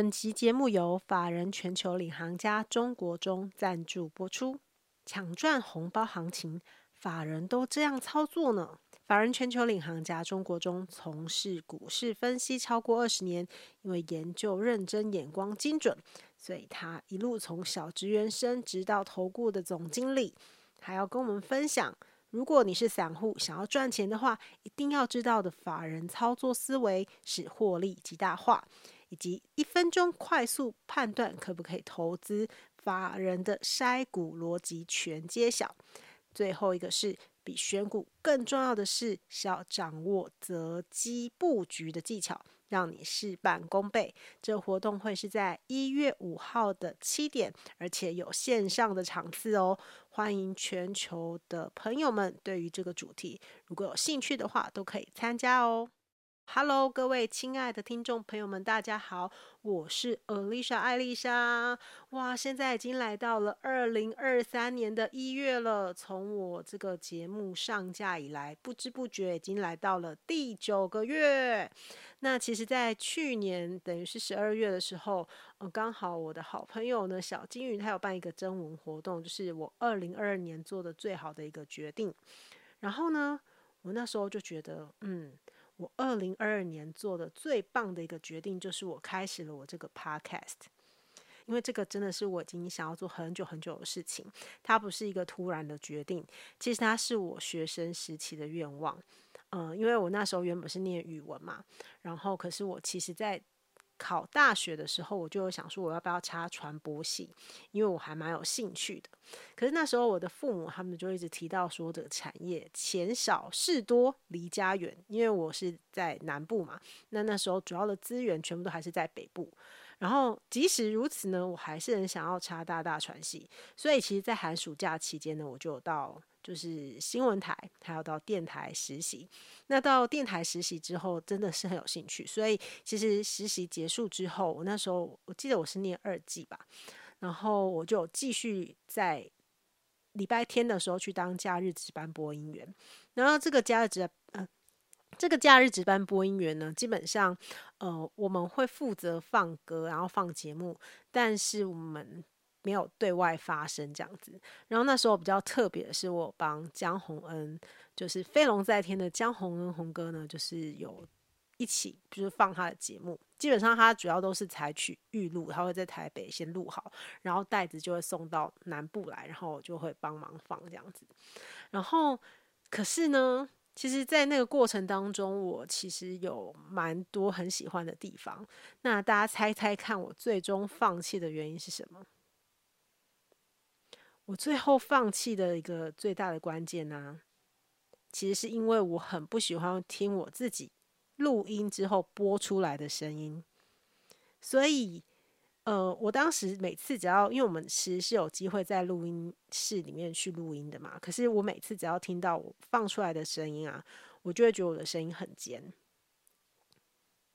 本期節目由法人全球領航家鍾國忠贊助播出。搶賺紅包行情，法人都這樣操作呢？法人全球領航家鍾國忠從事股市分析超過二十年，因為研究認真、眼光精準，所以他一路從小職員升職到投顧的總經理，還要跟我們分享：如果你是散戶想要賺錢的話，一定要知道的法人操作思維是獲利極大化。以及一分鐘快速判斷可不可以投資，法人的篩股邏輯全揭曉。最後一個是比選股更重要的是，是要掌握擇機佈局的技巧，讓你事半功倍。這活動會是在一月五號的七點，而且有線上的場次哦，歡迎全球的朋友們，對於這個主題如果有興趣的話，都可以參加哦。Hello，各位親愛的聽眾朋友們，大家好，我是 Alisha 艾麗莎。哇，現在已經來到了二零二三年的一月了。從我這個節目上架以來，不知不覺已經來到了第九個月。那其實，在去年等於是十二月的時候，嗯，剛好我的好朋友呢小金魚，他有辦一個徵文活動，就是我二零二二年做的最好的一個決定。然後呢，我那時候就覺得，嗯。我二零二二年做的最棒的一個決定，就是我開始了我這個 podcast，因為這個真的是我已經想要做很久很久的事情，它不是一個突然的決定，其實它是我學生時期的願望，嗯、呃，因為我那時候原本是念語文嘛，然後可是我其實在。考大學的時候，我就有想說我要不要插傳播系，因為我還蠻有興趣的。可是那時候我的父母他們就一直提到說，這個產業錢少事多，離家遠，因為我是在南部嘛。那那時候主要的資源全部都還是在北部。然後即使如此呢，我還是很想要插大大傳系。所以其實，在寒暑假期間呢，我就到。就是新聞台，還有到電台實習。那到電台實習之後，真的是很有興趣。所以其實實習結束之後，我那時候我記得我是念二技吧，然後我就繼續在禮拜天的時候去當假日值班播音員。然後這個假日值，呃，這個假日值班播音員呢，基本上，呃，我們會負責放歌，然後放節目，但是我們。沒有對外發聲這樣子，然後那時候比較特別的是，我幫江宏恩，就是飛龍在天的江宏恩宏哥呢，就是有一起，就是放他的節目。基本上他主要都是採取預錄，他會在台北先錄好，然後帶子就會送到南部來，然後我就會幫忙放這樣子。然後可是呢，其實在那個過程當中，我其實有蠻多很喜歡的地方。那大家猜猜看，我最終放棄的原因是什麼？我最後放棄的一個最大的關鍵呢，啊，其實是因為我很不喜歡聽我自己錄音之後播出來的聲音，所以，呃，我當時每次只要因為我們其實是有機會在錄音室裡面去錄音的嘛，可是我每次只要聽到我放出來的聲音啊，我就會覺得我的聲音很尖，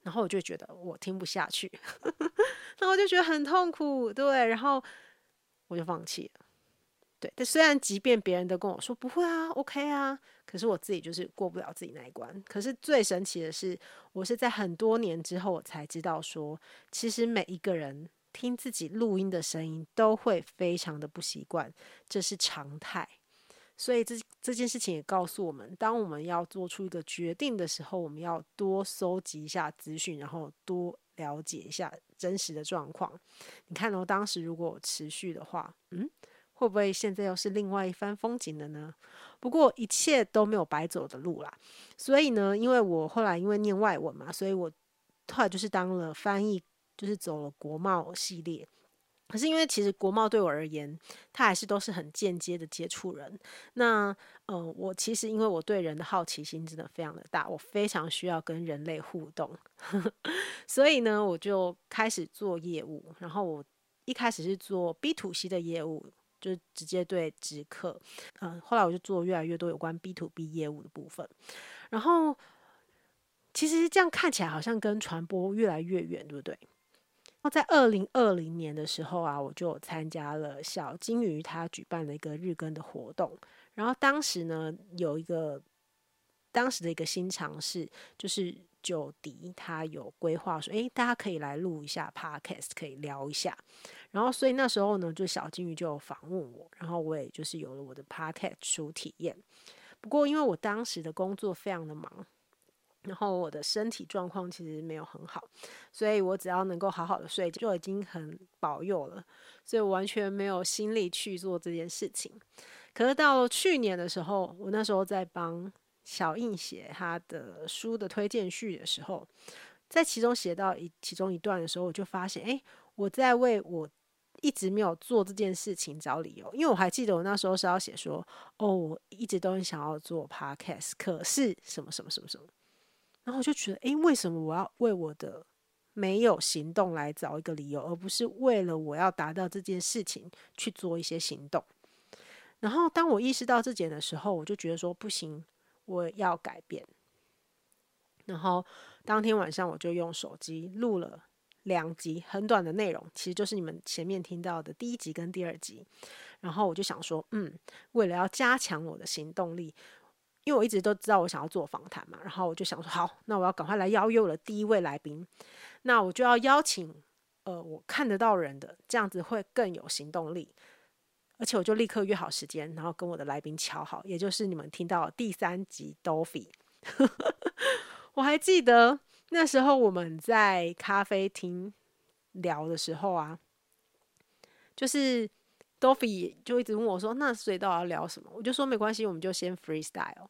然後我就覺得我聽不下去， 然後我就覺得很痛苦，對，然後我就放棄了。對，但雖然即便別人都跟我說不會啊，OK 啊，可是我自己就是過不了自己那一關。可是最神奇的是，我是在很多年之後我才知道說，其實每一個人聽自己錄音的聲音都會非常的不習慣，這是常態。所以這這件事情也告訴我們，當我們要做出一個決定的時候，我們要多蒐集一下資訊，然後多了解一下真實的狀況。你看到，哦，當時如果持續的話，嗯。會不會現在又是另外一番風景了呢？不過一切都沒有白走的路啦。所以呢，因為我後來因為念外文嘛，所以我後來就是當了翻譯，就是走了國貿系列。可是因為其實國貿對我而言，它還是都是很間接的接觸人。那呃，我其實因為我對人的好奇心真的非常的大，我非常需要跟人類互動， 所以呢，我就開始做業務。然後我一開始是做 B to C 的業務。就直接對直客，嗯，後來我就做了越來越多有關 B to B 業務的部分，然後其實這樣看起來好像跟傳播越來越遠，對不對？然後在二零二零年的時候啊，我就參加了小金魚他舉辦的一個日更的活動，然後當時呢有一個當時的一個新嘗試，就是九迪他有規劃說，誒，大家可以來錄一下 Podcast，可以聊一下。然後，所以那時候呢，就小金魚就訪問我，然後我也就是有了我的 podcast 書體驗。不過，因為我當時的工作非常的忙，然後我的身體狀況其實沒有很好，所以我只要能夠好好的睡，就已經很保佑了。所以我完全沒有心力去做這件事情。可是到去年的時候，我那時候在幫小印寫他的書的推薦序的時候，在其中寫到一其中一段的時候，我就發現，哎，我在為我，一直沒有做這件事情找理由，因為我還記得我那時候是要寫說，哦，我一直都很想要做 podcast，可是什麼什麼什麼什麼，然後我就覺得，誒、欸，為什麼我要為我的沒有行動來找一個理由，而不是為了我要達到這件事情去做一些行動？然後當我意識到這點的時候，我就覺得說不行，我要改變。然後當天晚上我就用手機錄了。兩集很短的內容，其實就是你們前面聽到的第一集跟第二集。然後我就想說，嗯，為了要加強我的行動力，因為我一直都知道我想要做訪談嘛，然後我就想說，好，那我要趕快來邀約我的第一位來賓。那我就要邀請，呃，我看得到人的，這樣子會更有行動力。而且我就立刻約好時間，然後跟我的來賓敲好，也就是你們聽到第三集 Dolphi 我還記得。那時候我們在咖啡廳聊的時候啊，就是 Dolfi 就一直問我說：“那隧道要聊什麼？”我就說：“沒關係，我們就先 freestyle。”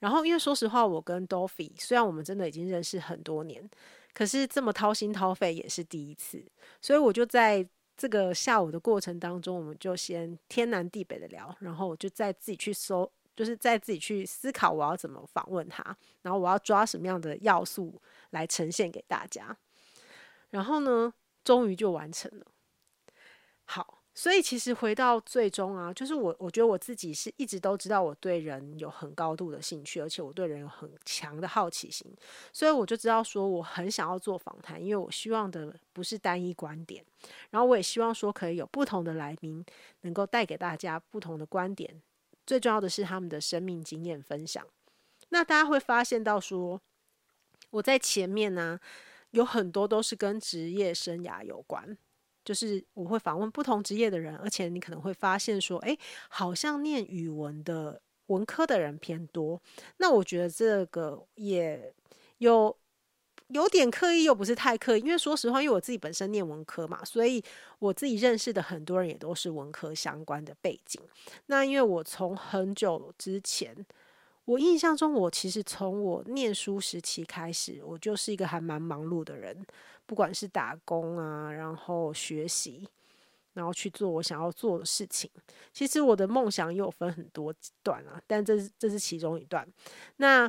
然後因為說實話，我跟 Dolfi 雖然我們真的已經認識很多年，可是這麼掏心掏肺也是第一次，所以我就在這個下午的過程當中，我們就先天南地北的聊，然後我就再自己去搜。就是在自己去思考我要怎麼訪問他，然後我要抓什麼樣的要素來呈現給大家，然後呢，終於就完成了。好，所以其實回到最終啊，就是我我覺得我自己是一直都知道我對人有很高度的興趣，而且我對人有很強的好奇心，所以我就知道說我很想要做訪談，因為我希望的不是單一觀點，然後我也希望說可以有不同的來賓能夠帶給大家不同的觀點。最重要的是他們的生命經驗分享。那大家會發現到說，我在前面呢、啊，有很多都是跟職業生涯有關，就是我會訪問不同職業的人，而且你可能會發現說，哎，好像念語文的文科的人偏多。那我覺得這個也有。有點刻意，又不是太刻意，因為說實話，因為我自己本身念文科嘛，所以我自己認識的很多人也都是文科相關的背景。那因為我從很久之前，我印象中，我其實從我念書時期開始，我就是一個還蠻忙碌的人，不管是打工啊，然後學習，然後去做我想要做的事情。其實我的夢想又分很多段啊，但這是這是其中一段。那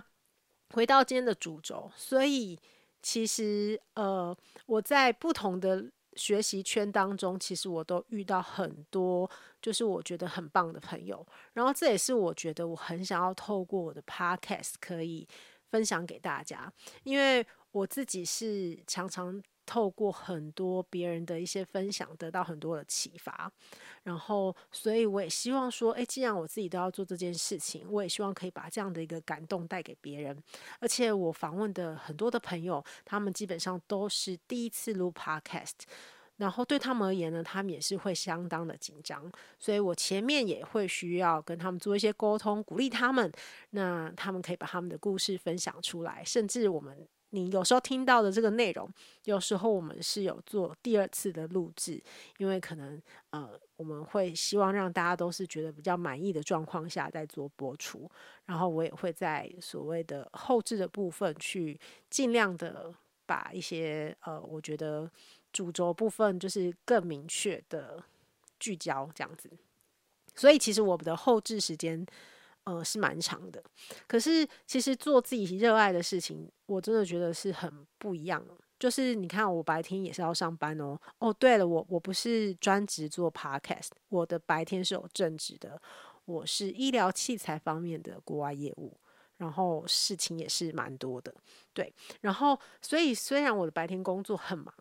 回到今天的主軸，所以。其實，呃，我在不同的學習圈當中，其實我都遇到很多，就是我覺得很棒的朋友。然後，這也是我覺得我很想要透過我的 podcast 可以分享給大家，因為我自己是常常。透過很多別人的一些分享，得到很多的啟發，然後，所以我也希望說，哎，既然我自己都要做這件事情，我也希望可以把這樣的一個感動帶給別人。而且，我訪問的很多的朋友，他們基本上都是第一次錄 Podcast，然後對他們而言呢，他們也是會相當的緊張，所以我前面也會需要跟他們做一些溝通，鼓勵他們，那他們可以把他們的故事分享出來，甚至我們。你有時候聽到的這個內容，有時候我們是有做第二次的錄製，因為可能呃，我們會希望讓大家都是覺得比較滿意的狀況下再做播出。然後我也會在所謂的後製的部分去盡量的把一些呃，我覺得主軸部分就是更明確的聚焦這樣子。所以其實我們的後製時間。呃，是蠻長的，可是其實做自己熱愛的事情，我真的覺得是很不一樣的。就是你看，我白天也是要上班哦。哦，對了，我我不是專職做 podcast，我的白天是有正職的，我是醫療器材方面的國外業務，然後事情也是蠻多的。對，然後所以雖然我的白天工作很忙，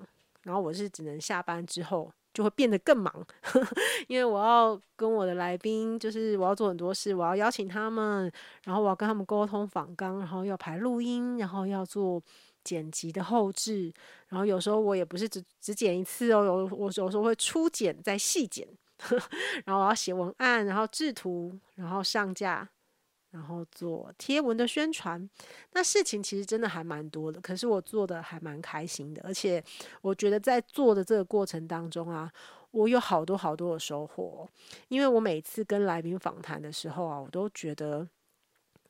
然後我是只能下班之後。就會變得更忙呵呵，因為我要跟我的來賓，就是我要做很多事，我要邀請他們，然後我要跟他們溝通訪綱，然後要排錄音，然後要做剪輯的後製。然後有時候我也不是只只剪一次哦，有我有時候會初剪再細剪呵呵，然後我要寫文案，然後製圖，然後上架。然後做貼文的宣傳，那事情其實真的還蠻多的，可是我做的還蠻開心的，而且我覺得在做的這個過程當中啊，我有好多好多的收穫，因為我每次跟來賓訪談的時候啊，我都覺得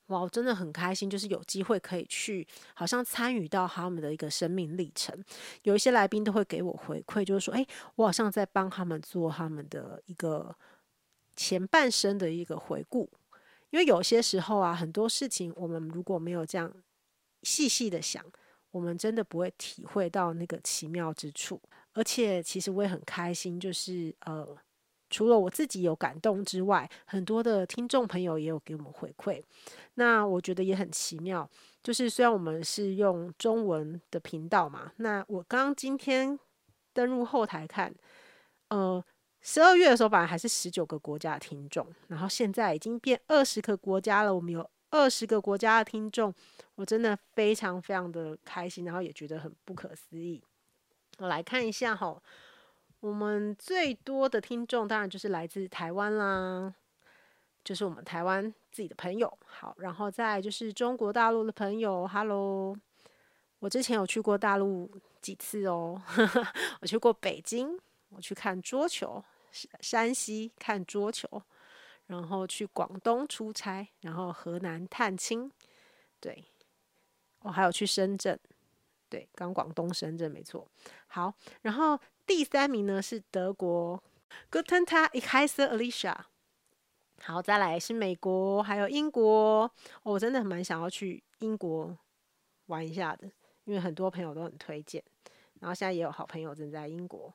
哇，真的很開心，就是有機會可以去好像參與到他們的一個生命歷程。有一些來賓都會給我回饋，就是說，哎，我好像在幫他們做他們的一個前半生的一個回顧。因為有些時候啊，很多事情我們如果沒有這樣細細的想，我們真的不會體會到那個奇妙之處。而且其實我也很開心，就是呃，除了我自己有感動之外，很多的聽眾朋友也有給我們回饋。那我覺得也很奇妙，就是雖然我們是用中文的頻道嘛，那我剛今天登入後台看，呃。十二月的時候，本來還是十九個國家的聽眾，然後現在已經變二十個國家了。我們有二十個國家的聽眾，我真的非常非常的開心，然後也覺得很不可思議。我來看一下吼，我們最多的聽眾當然就是來自台灣啦，就是我們台灣自己的朋友。好，然後再來就是中國大陸的朋友。Hello，我之前有去過大陸幾次哦，呵呵我去過北京。我去看桌球，山西看桌球，然後去廣東出差，然後河南探親，對，我、哦、還有去深圳，對，剛廣東深圳沒錯。好，然後第三名呢是德國，Guten Tag, ich heiße Alicia。好，再來是美國，還有英國、哦，我真的很蠻想要去英國玩一下的，因為很多朋友都很推薦，然後現在也有好朋友正在英國。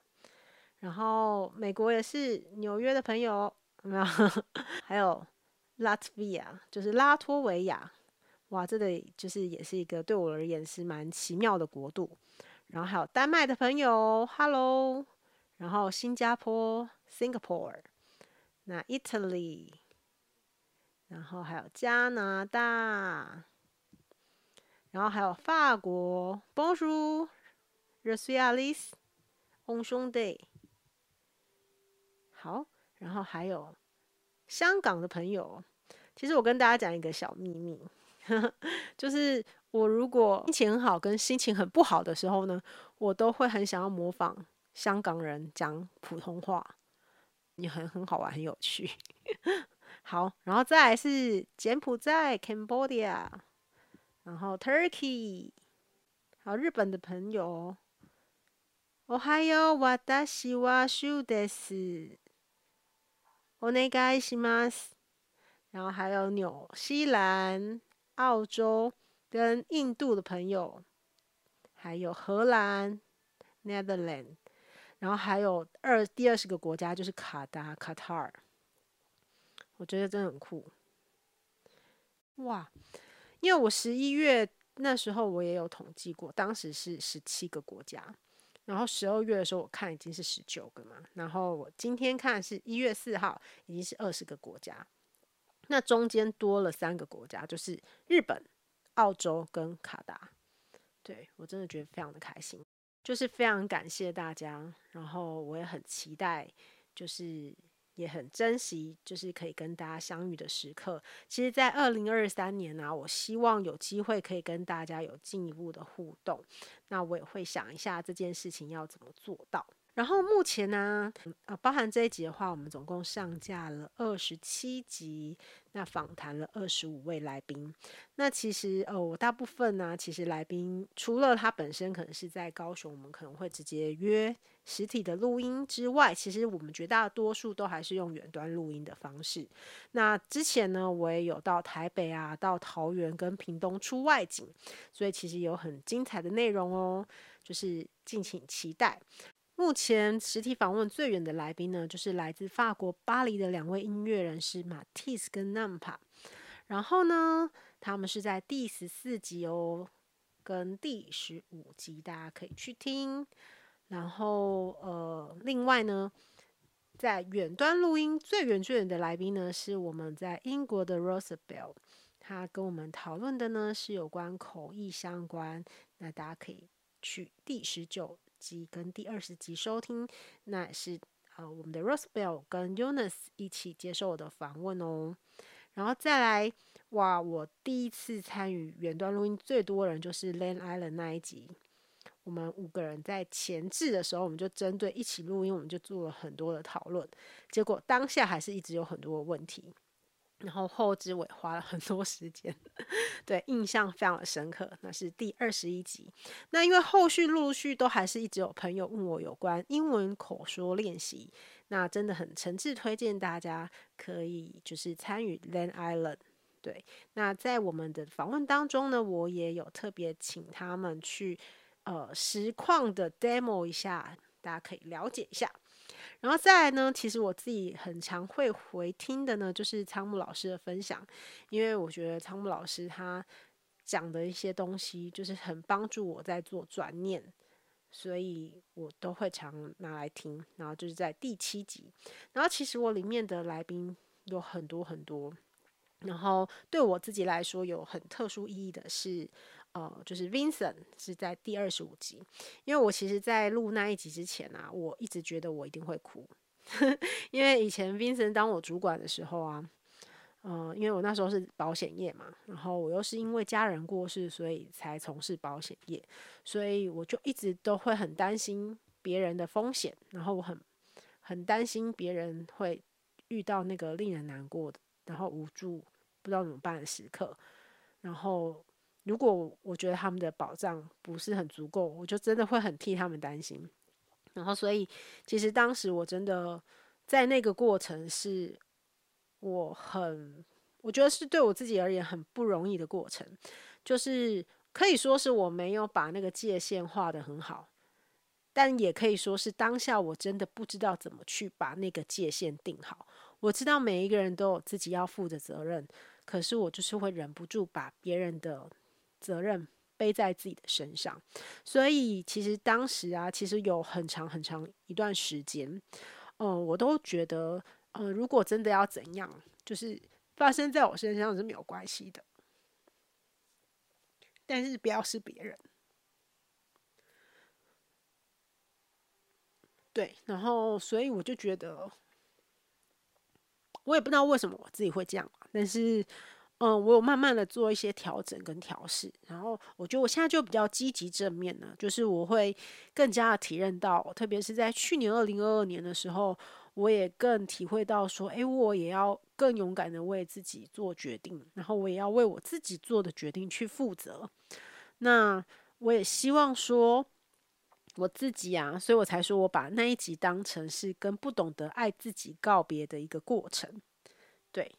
然後，美國也是紐約的朋友，有沒有？ 還有 Latvia，就是拉脫維亞。哇，這裡、個、就是也是一個對我而言是蠻奇妙的國度。然後還有丹麥的朋友，Hello。然後新加坡，Singapore。那 Italy，然後還有加拿大，然後還有法國 b o n j o u r r u s i a l e s h o n s e n g d e 好，然後還有香港的朋友，其實我跟大家講一個小秘密，呵呵，就是我如果心情很好跟心情很不好的時候呢，我都會很想要模仿香港人講普通話，也很很好玩，很有趣。 好，然後再來是柬埔寨 （Cambodia），然後 Turkey，好，日本的朋友，おはよう，私は我那個是嗎？然後還有紐西蘭、澳洲跟印度的朋友，還有荷蘭 （Netherlands），然後還有二第二十個國家就是卡達卡塔爾。我覺得真的很酷。哇，因為我十一月那時候我也有統計過，當時是十七個國家。然後十二月的時候，我看已經是十九個嘛。然後我今天看是一月四號，已經是二十個國家。那中間多了三個國家，就是日本、澳洲跟卡達。對，我真的覺得非常的開心，就是非常感謝大家。然後我也很期待，就是。也很珍惜，就是可以跟大家相遇的時刻。其實，在二零二三年呢，啊，我希望有機會可以跟大家有進一步的互動。那我也會想一下這件事情要怎麼做到。然後目前呢，呃，包含這一集的話，我們總共上架了二十七集，那訪談了二十五位來賓。那其實呃、哦，我大部分呢、啊，其實來賓除了他本身可能是在高雄，我們可能會直接約實體的錄音之外，其實我們絕大多數都還是用遠端錄音的方式。那之前呢，我也有到台北啊，到桃園跟屏東出外景，所以其實有很精彩的內容哦，就是敬請期待。目前實體訪問最遠的來賓呢，就是來自法國巴黎的兩位音樂人，是 Mathis 跟 Nampa。然後呢，他們是在第十四集哦，跟第十五集，大家可以去聽。然後呃，另外呢，在遠端錄音最遠最遠的來賓呢，是我們在英國的 Rosabel。他跟我們討論的呢，是有關口譯相關。那大家可以去第十九。跟第二十集收聽，那也是呃我們的 Rosabel 跟 Unus 一起接受我的訪問哦，然後再來哇，我第一次參與遠端錄音最多人就是 LangIsland 那一集，我們五個人在前置的時候，我們就針對一起錄音，我們就做了很多的討論，結果當下還是一直有很多的問題。然後後製也花了很多時間，對，印象非常的深刻。那是第二十一集。那因為後續陸續都還是一直有朋友問我有關英文口說練習，那真的很誠摯推薦大家可以就是參與 LangIsland。對，那在我們的訪問當中呢，我也有特別請他們去呃實況的 demo 一下，大家可以了解一下。然後再來呢，其實我自己很常會回聽的呢，就是倉木老師的分享，因為我覺得倉木老師他講的一些東西，就是很幫助我在做轉念，所以我都會常拿來聽。然後就是在第七集，然後其實我裡面的來賓有很多很多，然後對我自己來說有很特殊意義的是。呃，就是 Vincent 是在第二十五集，因為我其實在錄那一集之前啊，我一直覺得我一定會哭，呵呵，因為以前 Vincent 當我主管的時候啊，嗯、呃，因為我那時候是保險業嘛，然後我又是因為家人過世，所以才從事保險業，所以我就一直都會很擔心別人的風險，然後我很很擔心別人會遇到那個令人難過的，然後無助不知道怎麼辦的時刻，然後。如果我覺得他們的保障不是很足夠，我就真的會很替他們擔心。然後，所以其實當時我真的在那個過程是，我很我覺得是對我自己而言很不容易的過程。就是可以說是我沒有把那個界限畫得很好，但也可以說是當下我真的不知道怎麼去把那個界限定好。我知道每一個人都有自己要負的責任，可是我就是會忍不住把別人的。責任背在自己的身上，所以其實當時啊，其實有很長很長一段時間，嗯、呃，我都覺得，嗯、呃，如果真的要怎樣，就是發生在我身上是沒有關係的，但是不要是別人。對，然後所以我就覺得，我也不知道為什麼我自己會這樣，但是。嗯，我有慢慢的做一些調整跟調試，然後我覺得我現在就比較積極正面了，就是我會更加的體認到，特別是在去年二零二二年的時候，我也更體會到說，哎，我也要更勇敢的為自己做決定，然後我也要為我自己做的決定去負責。那我也希望說我自己啊，所以我才說我把那一集當成是跟不懂得愛自己告別的一個過程，對。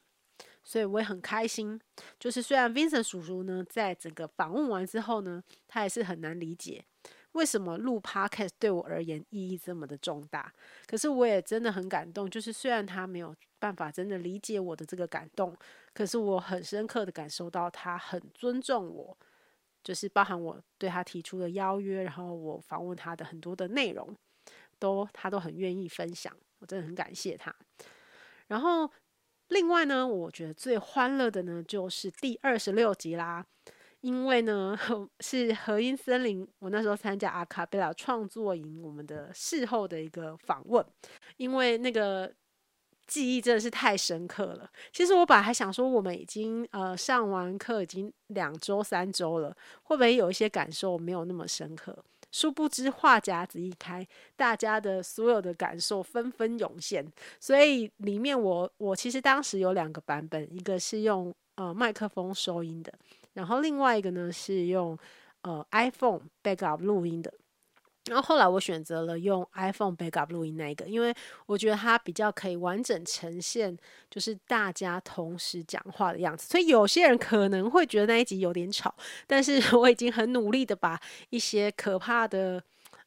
所以我也很開心，就是雖然 Vincent 叔叔呢，在整個訪問完之後呢，他也是很難理解為什麼錄 Podcast 對我而言意義這麼的重大。可是我也真的很感動，就是雖然他沒有辦法真的理解我的這個感動，可是我很深刻的感受到他很尊重我，就是包含我對他提出的邀約，然後我訪問他的很多的內容，都他都很願意分享，我真的很感謝他，然後。另外呢，我覺得最歡樂的呢，就是第二十六集啦，因為呢是合音森林，我那時候參加阿卡貝拉創作營，我們的事後的一個訪問，因為那個記憶真的是太深刻了。其實我本來還想說，我們已經呃上完課已經兩週、三週了，會不會有一些感受沒有那麼深刻？殊不知話匣子一開，大家的所有的感受紛紛湧現。所以裡面我我其實當時有兩個版本，一個是用呃麥克風收音的，然後另外一個呢是用呃 iPhone backup 錄音的。然後後來我選擇了用 iPhone backup 錄音那一個，因為我覺得它比較可以完整呈現，就是大家同時講話的樣子。所以有些人可能會覺得那一集有點吵，但是我已經很努力的把一些可怕的，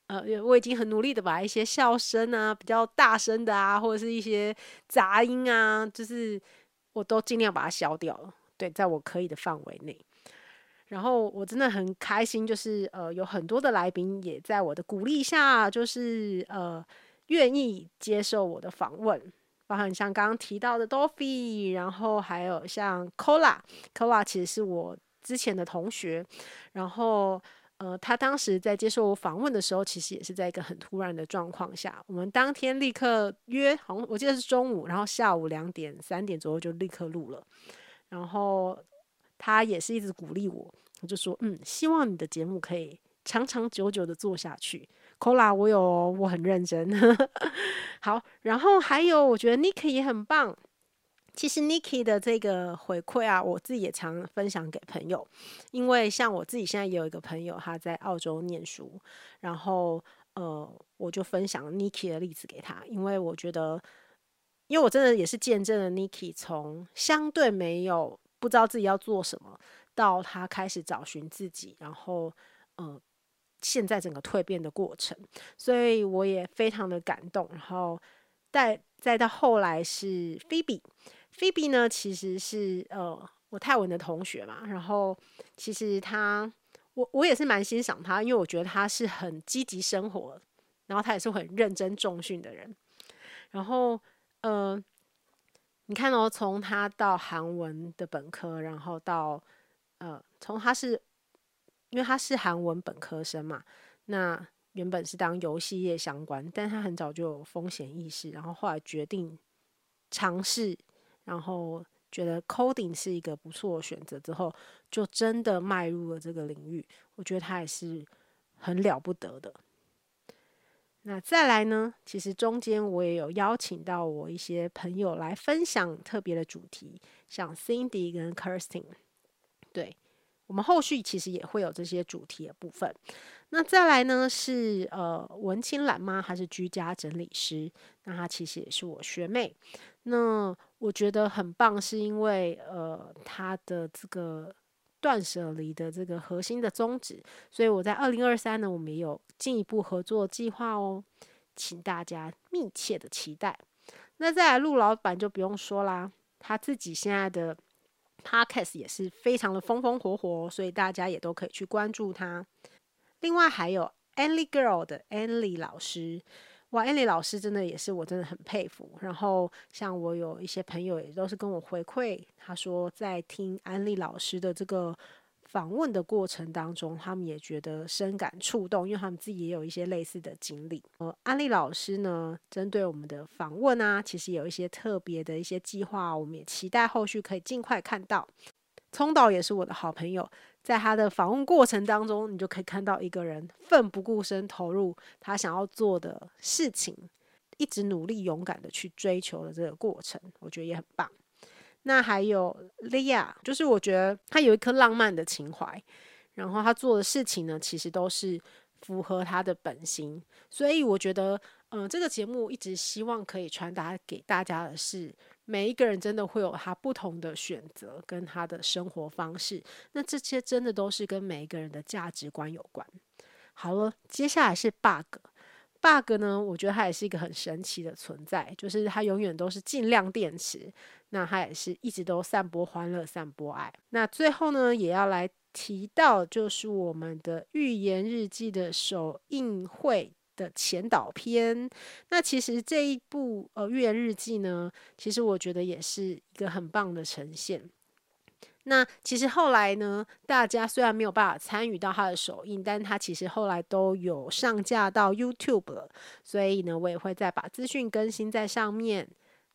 呃，我已經很努力的把一些笑聲啊、比較大聲的啊，或者是一些雜音啊，就是我都盡量把它消掉了，對，在我可以的範圍內。然後我真的很開心，就是呃，有很多的來賓也在我的鼓勵下，就是呃，願意接受我的訪問，包括像剛剛提到的 Dorothy，然後還有像 Cola，Cola 其實是我之前的同學，然後呃，他當時在接受我訪問的時候，其實也是在一個很突然的狀況下，我們當天立刻約，我記得是中午，然後下午兩點、三點左右就立刻錄了，然後。他也是一直鼓勵我，我就說，嗯，希望你的節目可以長長久久的做下去。Kola，我有哦，我很認真。 好，然後還有，我覺得 Niki 也很棒。其實 Niki 的這個回饋啊，我自己也常分享給朋友，因為像我自己現在也有一個朋友，他在澳洲念書，然後呃，我就分享 Niki 的例子給他，因為我覺得，因為我真的也是見證了 Niki 從相對沒有。不知道自己要做什麼，到他開始找尋自己，然後，嗯、呃，現在整個蛻變的過程，所以我也非常的感動。然後，再再到後來是菲比，菲比呢其實是呃我泰文的同學嘛，然後其實他我我也是蠻欣賞他，因為我覺得他是很積極生活的，然後他也是很認真重訓的人，然後，嗯、呃。你看哦，從他到韓文的本科，然後到，呃，從他是因為他是韓文本科生嘛，那原本是當遊戲業相關，但他很早就有風險意識，然後後來決定嘗試，然後覺得 coding 是一個不錯的選擇，之後就真的邁入了這個領域。我覺得他也是很了不得的。那再來呢？其實中間我也有邀請到我一些朋友來分享特別的主題，像 Cindy 跟 Kirsten 對我們後續其實也會有這些主題的部分。那再來呢是呃文青懶媽？還是居家整理師？那她其實也是我學妹。那我覺得很棒，是因為呃她的這個。斷捨離的這個核心的宗旨，所以我在二零二三呢，我們也有進一步合作計劃哦，請大家密切的期待。那再來，陸老闆就不用說啦，他自己現在的 podcast 也是非常的風風火火，所以大家也都可以去關注他。另外還有 Anli Girl 的 Anli 老師。哇，安利老師真的也是，我真的很佩服。然後，像我有一些朋友也都是跟我回饋，他說在聽安利老師的這個訪問的過程當中，他們也覺得深感觸動，因為他們自己也有一些類似的經歷。呃，安利老師呢，針對我們的訪問啊，其實有一些特別的一些計劃，我們也期待後續可以盡快看到。沖導也是我的好朋友，在他的訪問過程當中，你就可以看到一個人奮不顧身投入他想要做的事情，一直努力勇敢的去追求的這個過程，我覺得也很棒。那還有 Lia，就是我覺得他有一顆浪漫的情懷，然後他做的事情呢，其實都是符合他的本心，所以我覺得。嗯，這個節目一直希望可以傳達給大家的是，每一個人真的會有他不同的選擇跟他的生活方式。那這些真的都是跟每一個人的價值觀有關。好了，接下來是 BUG。BUG 呢，我覺得它也是一個很神奇的存在，就是它永遠都是勁量電池。那它也是一直都散播歡樂、散播愛。那最後呢，也要來提到，就是我們的預言日記的首映會。的前導片，那其實這一部呃《預言日記》呢，其實我覺得也是一個很棒的呈現。那其實後來呢，大家雖然沒有辦法參與到它的首映，但它其實後來都有上架到 YouTube 了，所以呢，我也會再把資訊更新在上面，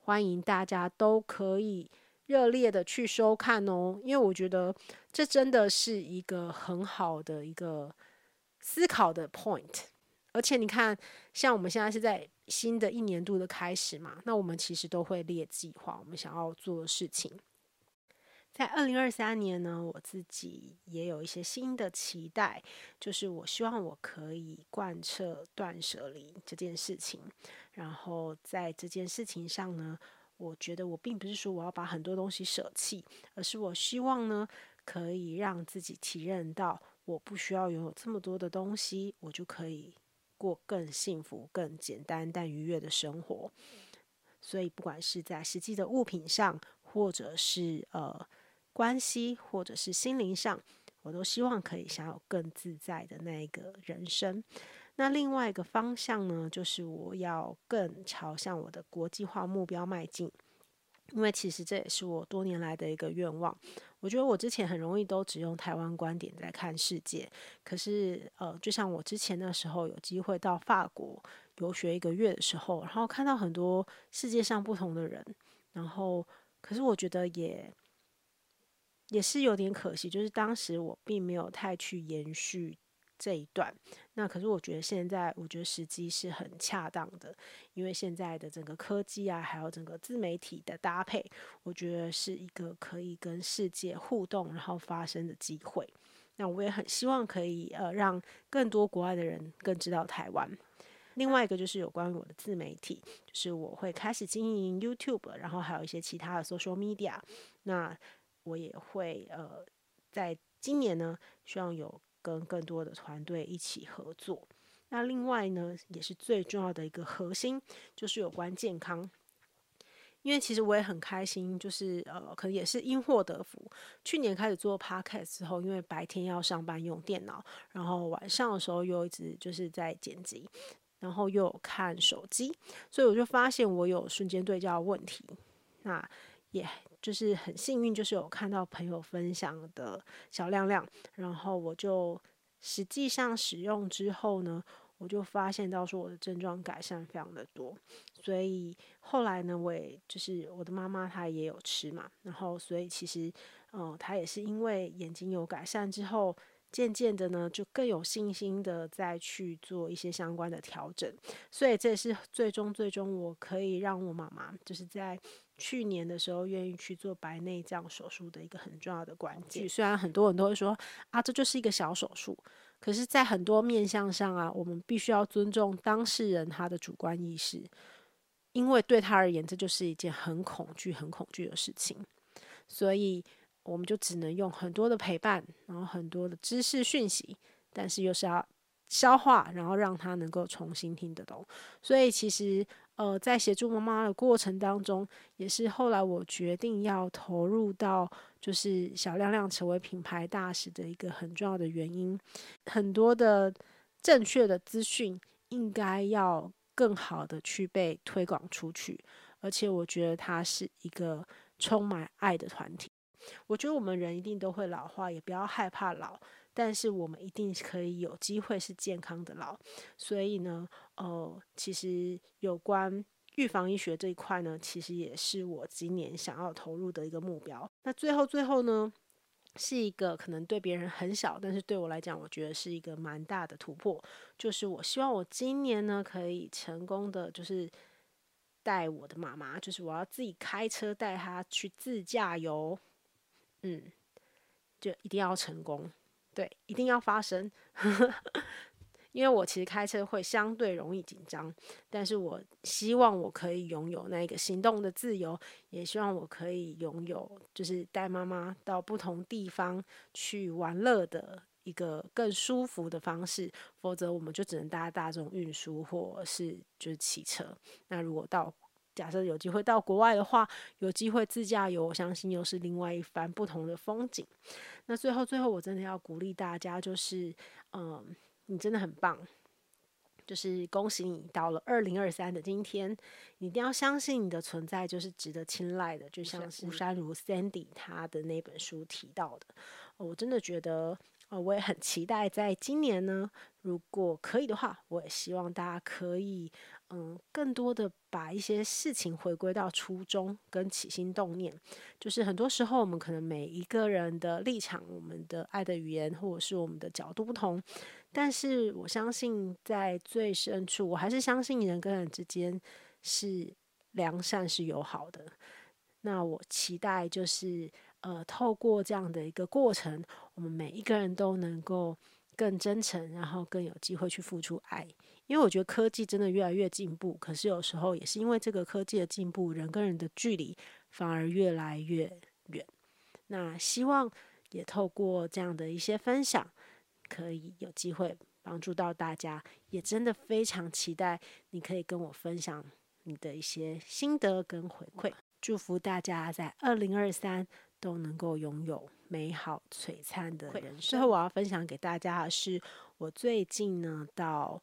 歡迎大家都可以熱烈的去收看哦。因為我覺得這真的是一個很好的一個思考的 point。而且你看，像我們現在是在新的一年度的開始嘛，那我們其實都會列計劃，我們想要做的事情。在二零二三年呢，我自己也有一些新的期待，就是我希望我可以貫徹斷捨離這件事情。然後在這件事情上呢，我覺得我並不是說我要把很多東西舍棄，而是我希望呢，可以讓自己體認到，我不需要擁有這麼多的東西，我就可以，過更幸福、更簡單但愉悅的生活，所以不管是在實際的物品上，或者是呃關係，或者是心靈上，我都希望可以享有更自在的那一個人生。那另外一個方向呢，就是我要更朝向我的國際化目標邁進。因為其實這也是我多年來的一個願望。我覺得我之前很容易都只用台灣觀點在看世界。可是，呃，就像我之前那時候有機會到法國遊學一個月的時候，然後看到很多世界上不同的人，然後，可是我覺得也也是有點可惜，就是當時我並沒有太去延續。這一段，那可是我覺得現在，我覺得時機是很恰當的，因為現在的整個科技啊，還有整個自媒體的搭配，我覺得是一個可以跟世界互動，然後發生的機會。那我也很希望可以呃，讓更多國外的人更知道台灣。另外一個就是有關於我的自媒體，就是我會開始經營 YouTube，然後還有一些其他的 social media。那我也會呃，在今年呢，希望有。跟更多的團隊一起合作。那另外呢，也是最重要的一個核心，就是有關健康。因為其實我也很開心，就是呃，可能也是因禍得福。去年開始做 Podcast 之後，因為白天要上班用電腦，然後晚上的時候又一直就是在剪輯，然後又有看手機，所以我就發現我有瞬間對焦問題。那也。Yeah, 就是很幸運，就是有看到朋友分享的小亮亮，然後我就實際上使用之後呢，我就發現到說我的症狀改善非常的多，所以後來呢，我也就是我的媽媽她也有吃嘛，然後所以其實嗯，她也是因為眼睛有改善之後，漸漸的呢就更有信心的再去做一些相關的調整，所以這是最終最終我可以讓我媽媽就是在。去年的時候，願意去做白內障手術的一個很重要的關鍵。Okay. 雖然很多人都會說啊，這就是一個小手術，可是，在很多面向上啊，我們必須要尊重當事人他的主觀意識，因為對他而言，這就是一件很恐懼、很恐懼的事情。所以，我們就只能用很多的陪伴，然後很多的知識訊息，但是又是要消化，然後讓他能夠重新聽得懂。所以，其實。呃，在協助媽媽的過程當中，也是後來我決定要投入到，就是小亮亮成為品牌大使的一個很重要的原因。很多的正確的資訊應該要更好的去被推廣出去，而且我覺得它是一個充滿愛的團體。我覺得我們人一定都會老化，也不要害怕老。但是我們一定可以有機會是健康的老，所以呢，呃，其實有關預防醫學這一塊呢，其實也是我今年想要投入的一個目標。那最後最後呢，是一個可能對別人很小，但是對我來講，我覺得是一個蠻大的突破，就是我希望我今年呢可以成功的，就是帶我的媽媽，就是我要自己開車帶她去自駕遊，嗯，就一定要成功。對，一定要發生， 因為我其實開車會相對容易緊張，但是我希望我可以擁有那個行動的自由，也希望我可以擁有，就是帶媽媽到不同地方去玩樂的一個更舒服的方式，否則我們就只能搭大眾運輸或是就是騎車。那如果到假設有機會到國外的話，有機會自駕遊，我相信又是另外一番不同的風景。那最後，最後我真的要鼓勵大家，就是，嗯，你真的很棒，就是恭喜你到了二零二三的今天，你一定要相信你的存在就是值得青睞的。像就像吳姍儒 Sandy 他的那本書提到的，哦、我真的覺得，呃、哦，我也很期待在今年呢，如果可以的話，我也希望大家可以。嗯，更多的把一些事情回歸到初衷跟起心動念，就是很多時候我們可能每一個人的立場、我們的愛的語言或者是我們的角度不同，但是我相信在最深處，我還是相信人跟人之間是良善、是友好的。那我期待就是，呃，透過這樣的一個過程，我們每一個人都能夠更真誠，然後更有機會去付出愛。因為我覺得科技真的越來越進步，可是有時候也是因為這個科技的進步，人跟人的距離反而越來越遠。那希望也透過這樣的一些分享，可以有機會幫助到大家。也真的非常期待你可以跟我分享你的一些心得跟回饋。祝福大家在二零二三都能夠擁有美好璀璨的人生。對最後我要分享給大家的是，我最近呢到。